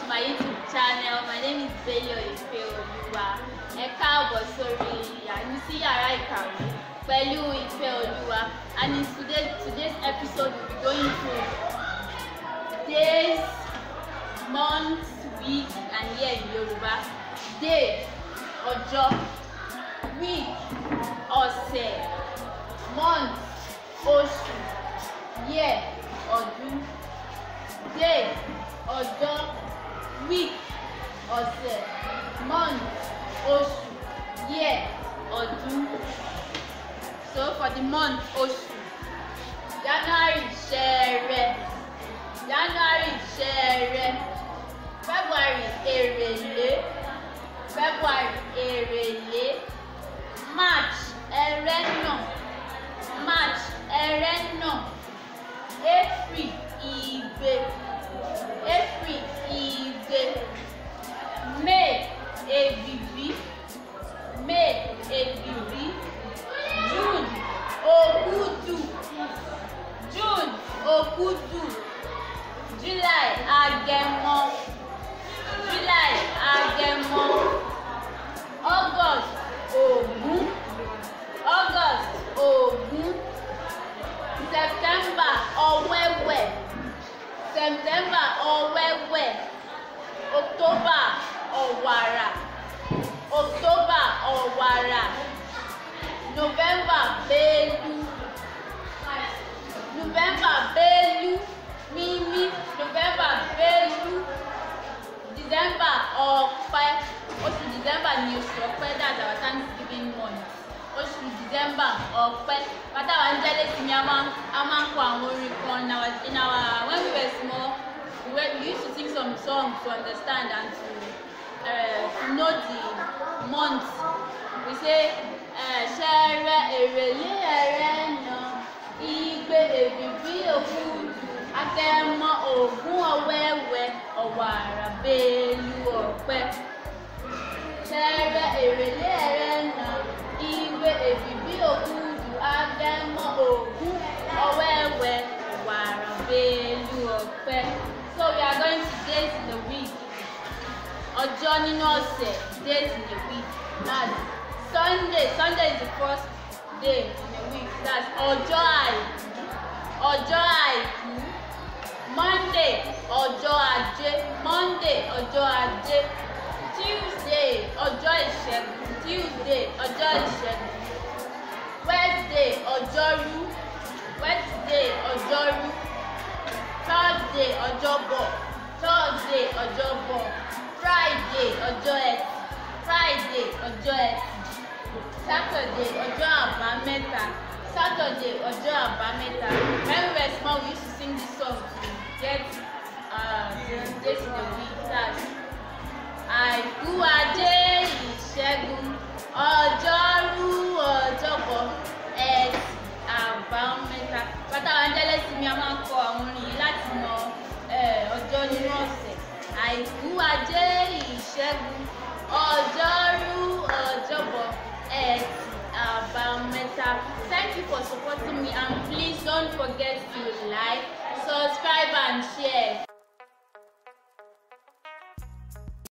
to my YouTube channel. My name is Bello Ifeoluwa. Ẹ káàbọ̀ sórí Àyùsí Yàrá Ìkàwé pẹ̀lú Ifeoluwa. And in today, today's episode, we'll be going through days, months, week, and year in Yoruba. Day, ọjọ́, week, ọ̀sẹ̀, month, oṣù, year, ọdún. day ọjọ́ week ọ̀sẹ̀ month oṣù year ọdún so for the month oṣù january ṣẹẹrẹ january ṣẹẹrẹ february èrèlé february èrèlé. Ebiri June, Okudu June, Okudu July Agẹmọ July Agẹmọ August Ògún August Ògún September Ọ̀wẹ̀wẹ̀ September Ọ̀wẹ̀wẹ̀ October Ọ̀wàrà October. November Belu November Belu Mimi November Belu December Ọ̀pẹ oṣù December ni oṣù Ọ̀pẹ that's our Thanksgiving month oṣù December Ọ̀pẹ bàtà wà ń jẹ́lé sí ni a máa ń kọ àwọn orin kan in our in our when we were small we, we used to sing some songs to understand and to, uh, to know the months we say ẹ̀ṣẹ̀rẹ̀ èrèlé ẹ̀rẹ̀nà igbe èbìbí òkúùdù akẹ́mọ ògún ọ̀wẹ́wẹ́ ọ̀wàrà bẹ́ẹ̀lú ọ̀pẹ. ṣẹ̀rẹ̀ èrèlé ẹ̀rẹ̀nà igbe èbìbí òkúùdù akẹ́mọ ògún ọ̀wẹ́wẹ́ ọ̀wàrà bẹ́ẹ̀lú ọ̀pẹ. So we are going to date in the week. ọjọ́ nínú ọ̀sẹ̀ date in the week. That's Sunday, Sunday is the first day in the week. That's ọjọ́ àìkú. Ọjọ́ àìkú. Monday, ọjọ́ ajé. Monday, ọjọ́ ajé. Tuesday, ọjọ́ ìṣẹ́gun. Tuesday, ọjọ́ ìṣẹ́gun. Wednesday, ọjọ́rú. Wednesday, ọjọ́rú. Thursday, ọjọ́bọ̀. Thursday, ọjọ́bọ̀. Friday, ọjọ́ ẹtì. Saturday ọjọ́ àbámẹ́ta Saturday ọjọ́ àbámẹ́ta when we were small we used to sing this song to get uh, the days in the week that àìkú ajé ìṣẹ́gun ọjọ́rú ọjọ́bọ̀ ẹtì àbámẹ́ta bàtà àwọn ajẹ́lẹ́sì mi a máa kọ àwọn orin yìí láti mọ ọjọ́ nínú ọ̀sẹ̀ àìkú ajé ìṣẹ́gun. you for supporting me and please don't forget to like, subscribe and share.